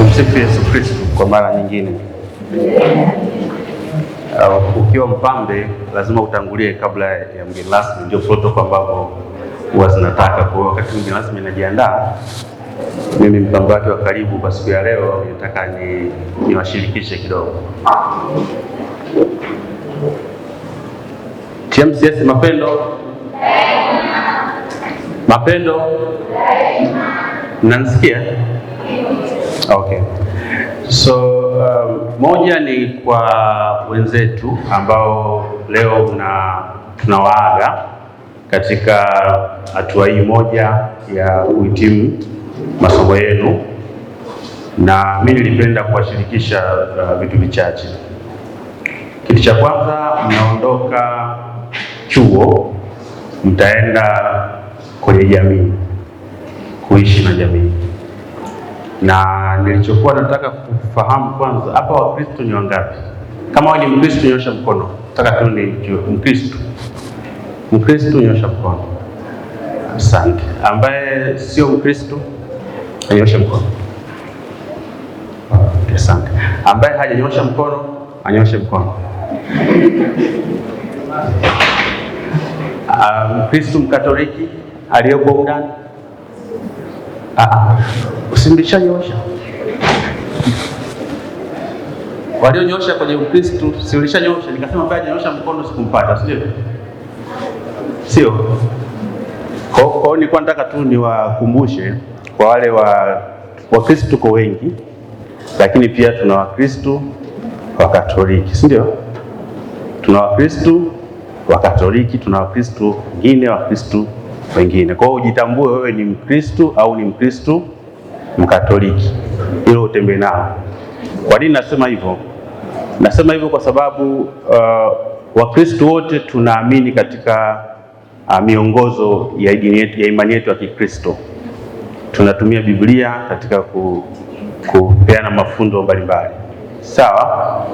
Tumsifu Yesu Kristo kwa mara nyingine. Uh, ukiwa mpambe lazima utangulie kabla ya mgeni rasmi, ndio protoko ambapo huwa zinataka. Kwa wakati mgeni rasmi najiandaa, mimi mpambe wake wa karibu kwa siku ya leo, nataka ni niwashirikishe kidogo. TMCS mapendo mapendo, mnanisikia? Okay. So um, moja ni kwa wenzetu ambao leo tunawaaga katika hatua hii moja ya kuhitimu masomo yenu, na mimi nilipenda kuwashirikisha uh, vitu vichache. Kitu cha kwanza, mnaondoka chuo mtaenda kwenye jamii, kuishi na jamii na nilichokuwa nataka kufahamu kwanza, hapa Wakristo ni wangapi? Kama wewe ni Mkristo nyosha mkono, nataka tu nijue Mkristo. Mkristo nyosha mkono, asante. Ambaye sio Mkristo anyoshe mkono, asante. Ambaye hajanyosha mkono anyoshe mkono. Ah, Mkristo Mkatoliki aliyoko ndani usimlishanyosha walionyosha kwenye Ukristo, siulishanyosha nikasema, mbaya nyosha mkono sikumpata, sio sio. Kwa hiyo nilikuwa nataka tu niwakumbushe kwa wale wa Wakristo, tuko wengi, lakini pia tuna Wakristo wa Katoliki, si ndio? Tuna Wakristo wa Katoliki, tuna Wakristo wengine Wakristo wengine. Kwa hiyo ujitambue wewe ni Mkristu au ni Mkristu Mkatoliki, hilo utembee nao. Kwa nini nasema hivyo? Nasema hivyo kwa sababu uh, Wakristu wote tunaamini katika uh, miongozo ya, ya imani yetu ya Kikristo. Tunatumia Biblia katika ku, kupeana mafundo mbalimbali sawa,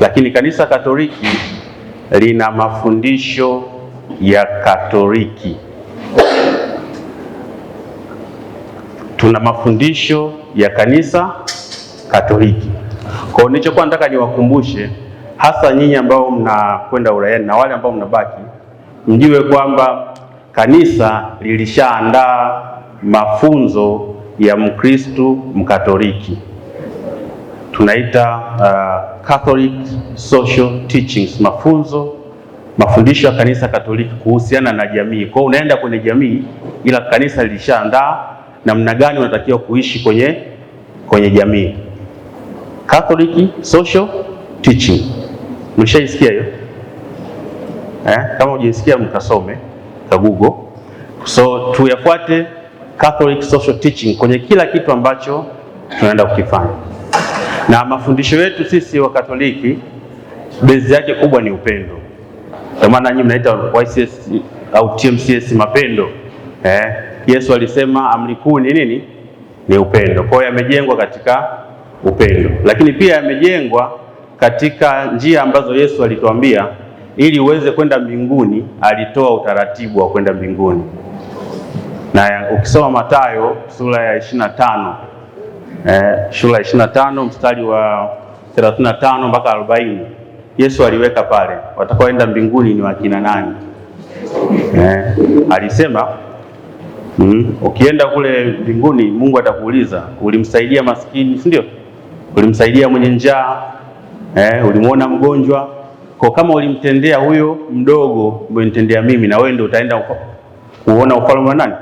lakini kanisa Katoliki lina mafundisho ya Katoliki tuna mafundisho ya kanisa Katoliki. Kwa hiyo nilichokuwa nataka niwakumbushe hasa nyinyi ambao mnakwenda uraiani na wale ambao mnabaki, mjue kwamba kanisa lilishaandaa mafunzo ya Mkristu Mkatoliki tunaita uh, Catholic Social Teachings, mafunzo mafundisho ya kanisa Katoliki kuhusiana na jamii. Kwa hiyo unaenda kwenye jamii, ila kanisa lilishaandaa namna gani unatakiwa kuishi kwenye, kwenye jamii. Catholic social teaching mshaisikia hiyo eh? Kama hujaisikia mkasome ka Google. So tuyafuate Catholic social teaching kwenye kila kitu ambacho tunaenda kukifanya, na mafundisho yetu sisi wa Katoliki bezi yake kubwa ni upendo. Kwa maana nyinyi mnaita YCS au TMCS mapendo eh? Yesu alisema amri kuu ni nini? Ni upendo. Kwa hiyo yamejengwa katika upendo, lakini pia yamejengwa katika njia ambazo Yesu alituambia ili uweze kwenda mbinguni. Alitoa utaratibu wa kwenda mbinguni, na ukisoma Mathayo sura ya 25 eh, sura ya 25 mstari wa 35 mpaka 40 Yesu aliweka pale, watakaoenda mbinguni ni wakina nani? Eh, alisema Mm. Ukienda kule mbinguni Mungu atakuuliza ulimsaidia maskini, si ndio? Ulimsaidia mwenye njaa eh, ulimwona mgonjwa. Kwa kama ulimtendea huyo mdogo, umenitendea mimi, na wewe ndio utaenda kuona ufalme wa nani?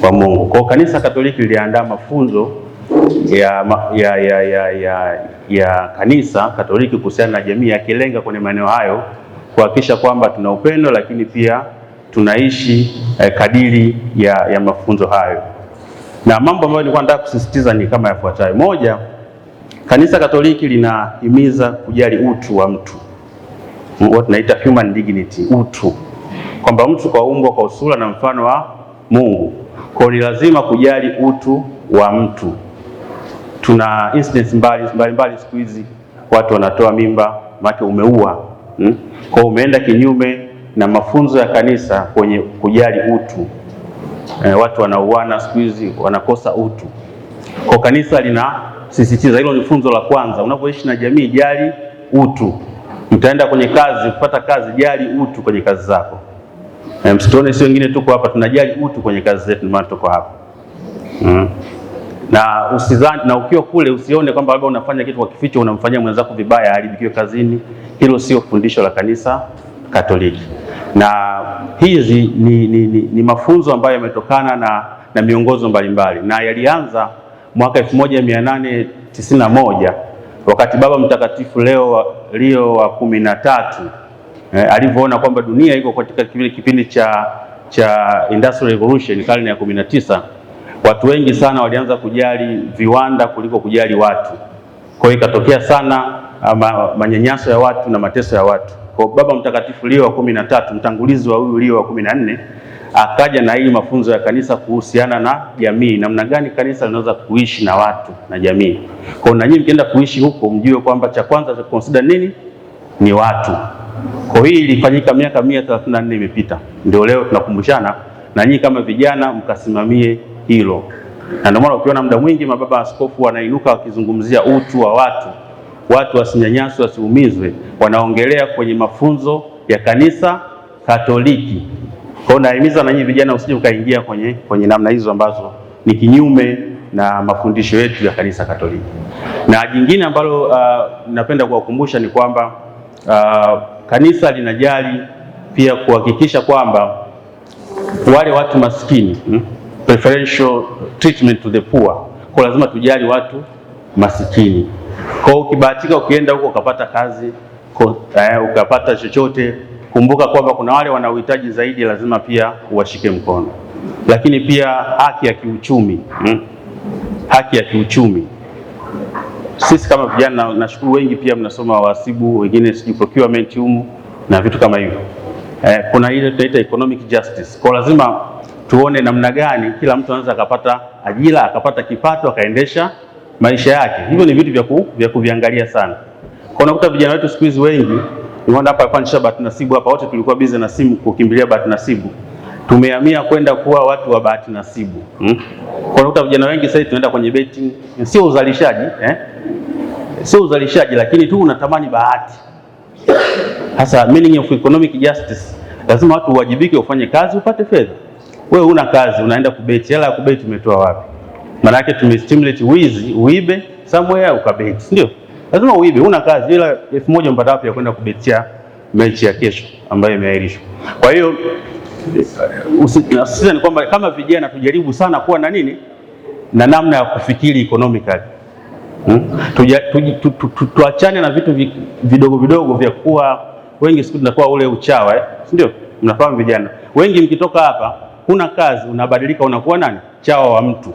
Kwa Mungu. Kwa kanisa Katoliki liliandaa mafunzo ya, ya, ya, ya, ya, ya kanisa Katoliki kuhusiana na jamii, yakilenga kwenye maeneo hayo kuhakikisha kwamba tuna upendo, lakini pia tunaishi eh, kadiri ya, ya mafunzo hayo, na mambo ambayo nilikuwa nataka kusisitiza ni kama yafuatayo. Moja, Kanisa Katoliki linahimiza kujali utu wa mtu, tunaita human dignity, utu, kwamba mtu kwa umbo kwa usura na mfano wa Mungu, kwa ni lazima kujali utu wa mtu. Tuna incidents mbalimbali mbali siku hizi, watu wanatoa mimba, maana umeua hmm? kwa umeenda kinyume na mafunzo ya kanisa kwenye kujali utu. E, watu wanauana siku hizi wanakosa utu, kwa kanisa linasisitiza hilo. Ni funzo la kwanza, unapoishi na jamii jali utu. Mtaenda kwenye kazi kupata kazi, jali utu kwenye kazi zako. E, msituone si wengine tuko hapa tunajali utu kwenye kazi zetu, maana tuko hapa mm. Na usizani, na ukiwa kule usione kwamba labda unafanya kitu kwa kificho, unamfanyia mwenzako vibaya, aribikiwe kazini. Hilo sio fundisho la kanisa Katoliki na hizi ni, ni, ni, ni mafunzo ambayo yametokana na, na miongozo mbalimbali na yalianza mwaka 1891 wakati Baba Mtakatifu Leo Leo wa kumi na tatu eh, alivyoona kwamba dunia iko katika kipindi cha, cha Industrial Revolution karne ya tisa watu wengi sana walianza kujali viwanda kuliko kujali watu. Kwa hiyo ikatokea sana ama, ah, manyanyaso ya watu na mateso ya watu kwa Baba Mtakatifu Leo wa kumi na tatu, mtangulizi wa huyu Leo wa kumi na nne, akaja na hii mafunzo ya kanisa kuhusiana na jamii, namna gani kanisa linaweza kuishi na watu na jamii. Kwa hiyo na nyinyi mkienda kuishi huko, mjue kwamba cha kwanza cha consider nini ni watu. Kwa hii ilifanyika miaka mia imepita, ndio leo tunakumbushana na nyinyi kama vijana mkasimamie hilo, na ndio maana ukiona muda mwingi mababa askofu wanainuka wakizungumzia utu wa watu watu wasinyanyaswe, wasiumizwe, wanaongelea kwenye mafunzo ya kanisa Katoliki. Kwa hiyo nahimiza na nyinyi vijana usije ukaingia kwenye, kwenye namna hizo ambazo ni kinyume na mafundisho yetu ya kanisa Katoliki. Na jingine ambalo uh, napenda kuwakumbusha ni kwamba uh, kanisa linajali pia kuhakikisha kwamba wale watu maskini hmm, preferential treatment to the poor, kwa lazima tujali watu masikini. Kwa ukibahatika ukienda huko ukapata kazi eh, ukapata chochote, kumbuka kwamba kuna wale wana uhitaji zaidi, lazima pia uwashike mkono. Lakini pia haki ya kiuchumi hmm? haki ya kiuchumi sisi kama vijana, nashukuru wengi pia mnasoma wahasibu, wengine sijui procurement humu na vitu kama hivyo eh, kuna ile tunaita economic justice. Kwa lazima tuone namna gani kila mtu anaweza akapata ajira akapata kipato akaendesha maisha yake. Hivyo ni vitu vya ku, vya kuviangalia sana. Kwa unakuta vijana wetu siku hizi wengi niona hapa kwanza bahati nasibu hapa wote tulikuwa busy na simu kukimbilia bahati nasibu. Tumehamia kwenda kuwa watu wa bahati nasibu. Hmm? Kwa unakuta vijana wengi sasa tunaenda kwenye betting, sio uzalishaji eh? Sio uzalishaji lakini tu unatamani bahati. Sasa meaning of economic justice lazima watu uwajibike, ufanye kazi upate fedha. Wewe una kazi unaenda kubeti, hela ya kubeti umetoa wapi? Maana tumestimulate wizi, uibe somewhere ukabeti, ndio? Lazima uibe, una kazi ila elfu moja umpata wapi ya kwenda kubetia mechi ya kesho ambayo imeahirishwa. Kwa hiyo eh, usisitiza ni kwamba kama vijana tujaribu sana kuwa na nini na namna ya kufikiri economically. Hmm? Tuachane tu, tu, tu, tu, na vitu vidogo vidogo vya kuwa wengi siku tunakuwa ule uchawa eh? ndio? Mnafahamu vijana wengi mkitoka hapa, kuna kazi unabadilika unakuwa nani? Chawa wa mtu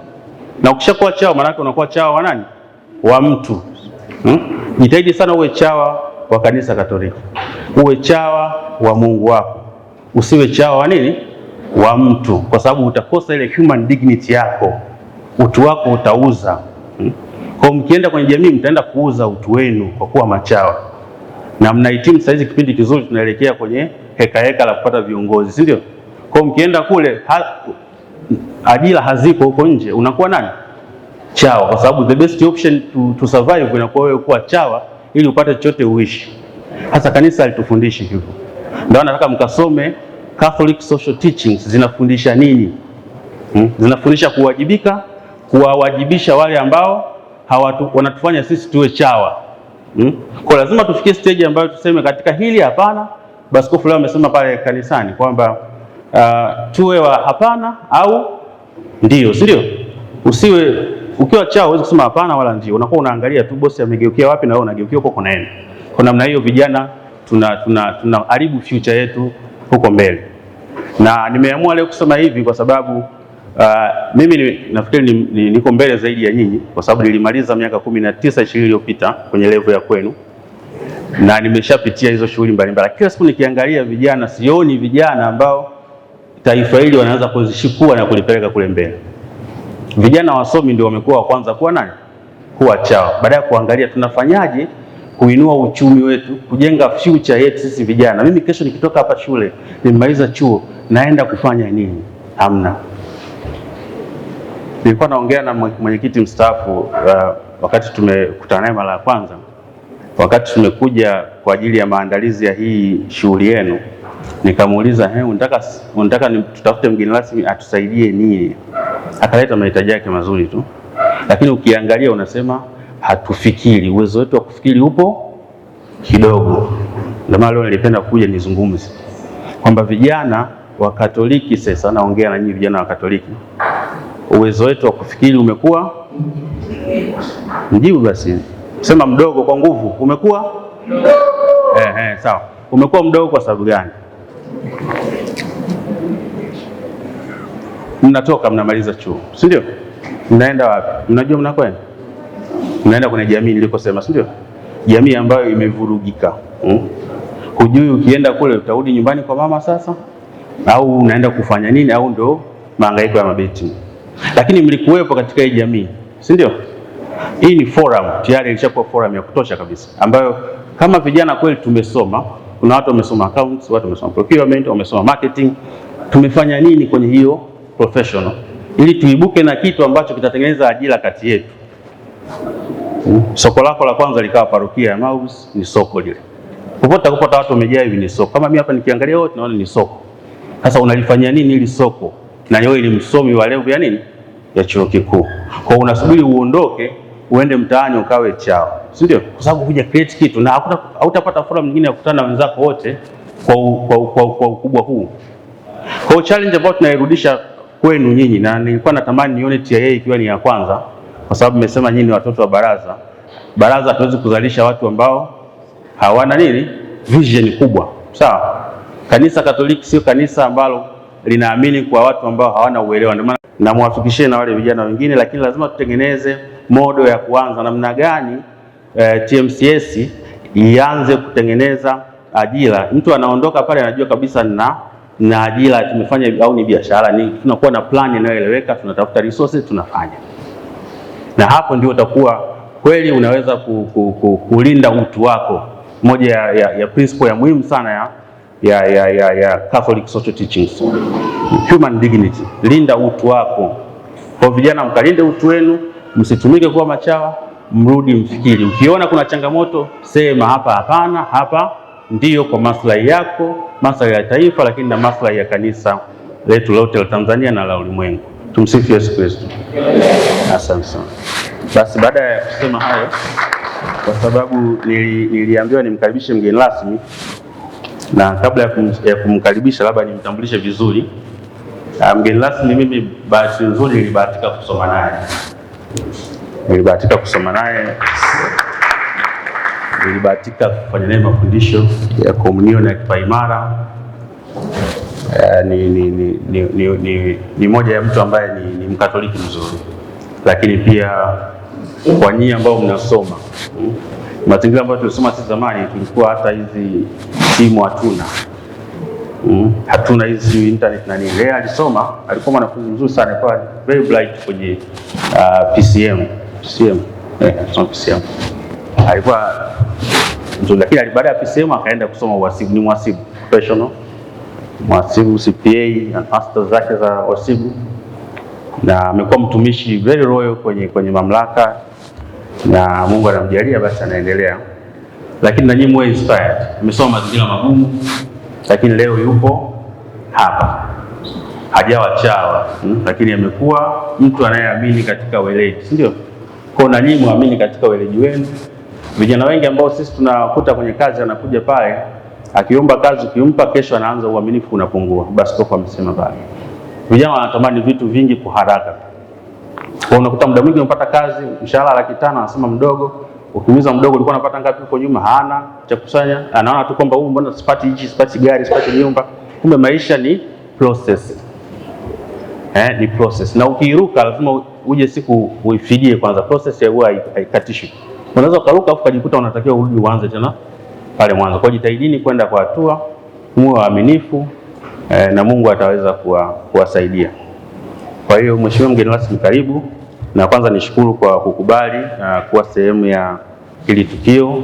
na ukishakuwa chawa maanake unakuwa chawa wa nani? Wa mtu hmm? Jitahidi sana uwe chawa wa kanisa Katoliki, uwe chawa wa Mungu wako, usiwe chawa wa nini? Wa mtu, kwa sababu utakosa ile human dignity yako, utu wako utauza hmm? Kwa mkienda kwenye jamii mtaenda kuuza utu wenu kwa kuwa machawa, na mnahitimu saizi kipindi kizuri, tunaelekea kwenye hekaheka heka la kupata viongozi, si ndio? Kwa mkienda kule ha ajira hazipo huko nje, unakuwa nani? Chawa, kwa sababu the best option to, to survive inakuwa wewe kuwa chawa ili upate chochote uishi. Hasa kanisa alitufundishi hivyo, ndio nataka mkasome Catholic social teachings zinafundisha nini? Hmm? Zinafundisha kuwajibika, kuwawajibisha wale ambao hawatu, wanatufanya sisi tuwe chawa hmm? Kwa lazima tufikie stage ambayo tuseme katika hili hapana. Basi leo amesema pale kanisani kwamba uh, tuwe wa hapana au ndio, si ndio? Usiwe ukiwa chao uweze kusema hapana wala ndio, unakuwa unaangalia tu bosi amegeukia wapi na wewe unageukia huko, kunaenda kwa namna hiyo. Vijana tuna tuna, tunaharibu future yetu huko mbele, na nimeamua leo kusema hivi kwa sababu Uh, mimi ni, nafikiri ni, ni, niko mbele zaidi ya nyinyi kwa sababu nilimaliza miaka kumi na tisa ishirini iliyopita kwenye level ya kwenu na nimeshapitia hizo shughuli mbalimbali. Kila siku nikiangalia vijana sioni vijana ambao taifa hili wanaweza kuzishikua na kulipeleka kule mbele. Vijana wasomi ndio wamekuwa wa kwanza kuwa nani, kuwa chao, baada ya kuangalia tunafanyaje kuinua uchumi wetu, kujenga future yetu sisi vijana. Mimi kesho nikitoka hapa shule, nimemaliza chuo, naenda kufanya nini? Hamna. Nilikuwa naongea na mwenyekiti mstaafu uh, wakati tumekutana naye mara ya kwanza, wakati tumekuja kwa ajili ya maandalizi ya hii shughuli yenu. Nikamuuliza, he, eh, unataka unataka tutafute mgeni rasmi atusaidie nini? Akaleta mahitaji yake mazuri tu, lakini ukiangalia unasema hatufikiri, uwezo wetu wa kufikiri upo kidogo. Ndio maana leo nilipenda kuja nizungumze kwamba vijana wa Katoliki, sasa naongea na nyinyi vijana wa Katoliki, uwezo wetu wa kufikiri umekuwa mjibu basi sema mdogo kwa nguvu, umekuwa eh, eh, sawa. Umekuwa mdogo kwa sababu gani? mnatoka mnamaliza chuo, si ndio? Mnaenda wapi? Mnajua mnakwenda, mnaenda kwenye jamii nilikosema, si ndio? Jamii ambayo imevurugika hmm? Hujui ukienda kule utarudi nyumbani kwa mama sasa, au unaenda kufanya nini, au ndo mahangaiko ya mabeti. Lakini mlikuwepo katika hii jamii, si ndio? Hii ni forum tayari, ilishakuwa forum ya kutosha kabisa, ambayo kama vijana kweli tumesoma. Kuna watu wamesoma accounts, watu wamesoma procurement, wamesoma marketing. Tumefanya nini kwenye hiyo professional, ili tuibuke na kitu ambacho kitatengeneza ajira kati yetu. Hmm? Soko lako la kwanza likawa parokia ya Maus, ni soko lile. Popote kupata watu wamejaa hivi, ni soko. Kama mimi hapa nikiangalia wote naona ni soko. Sasa unalifanyia nini ili soko? Na wewe ni msomi wa level ya nini ya chuo kikuu, kwa unasubiri uondoke uende mtaani ukawe chao, si ndio? Kwa sababu kuja create kitu na hakuna hautapata forum nyingine ya kukutana na wenzako wote kwa kwa kwa ukubwa huu. Kwa challenge ambayo tunairudisha kwenu nyinyi, na nilikuwa natamani nione TIA ikiwa ni ya kwanza, kwa sababu mmesema nyinyi ni watoto wa baraza. Baraza hatuwezi kuzalisha watu ambao hawana nini, vision kubwa, sawa. Kanisa Katoliki sio kanisa ambalo linaamini kwa watu ambao hawana uelewa. Ndio maana namwafikishie na wale vijana wengine, lakini lazima tutengeneze modo ya kuanza namna gani eh, TMCS ianze kutengeneza ajira. Mtu anaondoka pale anajua kabisa na na ajira tumefanya au ni biashara, ni tunakuwa na plan inayoeleweka, tunatafuta resources, tunafanya na hapo ndio utakuwa kweli unaweza ku, ku, ku, kulinda utu wako. Moja ya, ya, ya principle ya muhimu sana ya, ya, ya, ya, ya Catholic social teachings, human dignity, linda utu wako. Kwa vijana, mkalinde utu wenu, msitumike kuwa machawa, mrudi mfikiri. Ukiona kuna changamoto, sema hapa hapana, hapa ndiyo kwa maslahi yako, maslahi ya taifa, lakini na maslahi ya kanisa letu lote la Tanzania na la ulimwengu. Tumsifu Yesu Kristo. Asante sana. Basi baada ya kusema hayo, kwa sababu nili, niliambiwa nimkaribishe mgeni rasmi, na kabla ya, kum, ya kumkaribisha labda nimtambulishe vizuri ah, mgeni rasmi. Mimi bahati nzuri nilibahatika kusoma naye, nilibahatika kusoma naye nilibahatika kufanya naye mafundisho ya komunio na kipaimara. Uh, eh, ni, ni, ni, ni, ni, ni, ni moja ya mtu ambaye ni, ni mkatoliki mzuri, lakini pia kwa nyinyi ambao mnasoma hmm, mazingira ambayo tulisoma sisi zamani tulikuwa hata hizi simu hatuna hmm, hatuna hizi internet na nini. Yeye alisoma, alikuwa mwanafunzi mzuri sana, kwa very bright kwenye uh, ah, PCM PCM, eh, PCM alikuwa mzuri, lakini baada ya PCM akaenda kusoma uhasibu, ni mhasibu professional, mhasibu CPA na masters zake za uhasibu, na amekuwa mtumishi very loyal kwenye, kwenye mamlaka na Mungu anamjalia basi anaendelea, lakini na nyinyi mwe inspired. Amesoma mazingira magumu, lakini leo yupo hapa hajawa chawa hmm, lakini amekuwa mtu anayeamini katika weledi, si ndio? Kwa na nyinyi muamini katika weledi wenu. Vijana wengi ambao sisi tunakuta kwenye kazi anakuja pale akiomba kazi, ukimpa kesho anaanza, uaminifu unapungua. Basi Baskofu amesema pale, vijana wanatamani vitu vingi kwa haraka. Kwa unakuta muda mwingi unapata kazi, mshahara laki tano, anasema mdogo. Ukiuliza mdogo, ulikuwa unapata ngapi huko nyuma? Hana cha kusanya, anaona tu kwamba huyu, uh, mbona sipati hichi, sipati gari, sipati nyumba. Kumbe maisha ni process. Eh, ni process, na ukiruka lazima uje siku uifidie kwanza. Process ya huwa haikatishi unaweza ukaruka afu ukajikuta unatakiwa urudi uanze tena pale mwanzo. Kwa jitahidini kwenda kwa hatua, muwe waaminifu eh, na Mungu ataweza kuwasaidia Kwa hiyo mheshimiwa mgeni rasmi, karibu na kwanza nishukuru kwa kukubali na ah, kuwa sehemu ya hili tukio.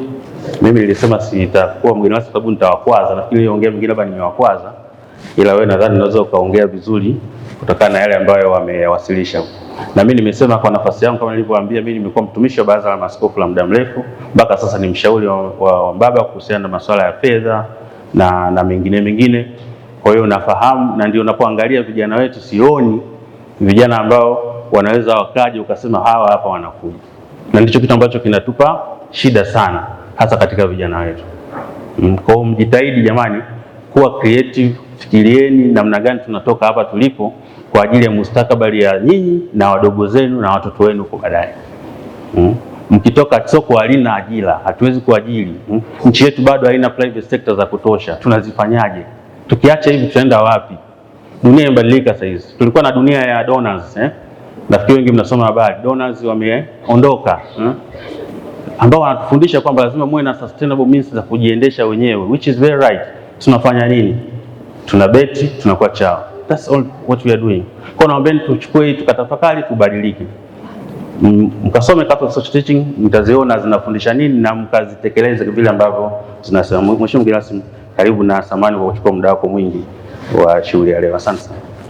Mimi nilisema sitakuwa mgeni rasmi sababu nitawakwaza, nafikiri ongea mwingine labda nimewakwaza ila wewe nadhani unaweza ukaongea vizuri kutokana na yale ambayo wameyawasilisha. Na mimi nimesema kwa nafasi yangu, kama nilivyowaambia, mimi nimekuwa mtumishi wa baraza la maaskofu la muda mrefu, mpaka sasa ni mshauri wa, wa, wa kuhusiana na masuala ya fedha na, na mengine mengine. Kwa hiyo nafahamu, na ndio unapoangalia vijana wetu, sioni vijana ambao wanaweza wakaje ukasema hawa hapa wanakuja, na ndicho kitu ambacho kinatupa shida sana, hasa katika vijana wetu. Kwa hiyo mjitahidi jamani, kuwa creative Fikirieni namna gani tunatoka hapa tulipo kwa ajili ya mustakabali ya nyinyi na wadogo zenu na watoto wenu kwa baadaye. Mm. Mkitoka soko halina ajira, hatuwezi kuajiri. Mm. Nchi yetu bado haina private sector za kutosha, tunazifanyaje? Tukiacha hivi tutaenda wapi? Dunia imebadilika sasa hizi. Tulikuwa na dunia ya donors eh? Nafikiri wengi mnasoma habari, donors wameondoka eh? ambao wanatufundisha kwamba lazima muwe na sustainable means za kujiendesha wenyewe, which is very right. Tunafanya nini? tuna beti tunakuwa chao. That's all what we are doing. Kwa naombeni tuchukue tukatafakari, tubadilike, mkasome Catholic teaching, mtaziona zinafundisha nini na mkazitekeleze vile ambavyo zinasema. Mheshimiwa mgeni rasmi, karibu na samani kwa kuchukua muda wako mwingi wa shughuli ya leo. Asante sana.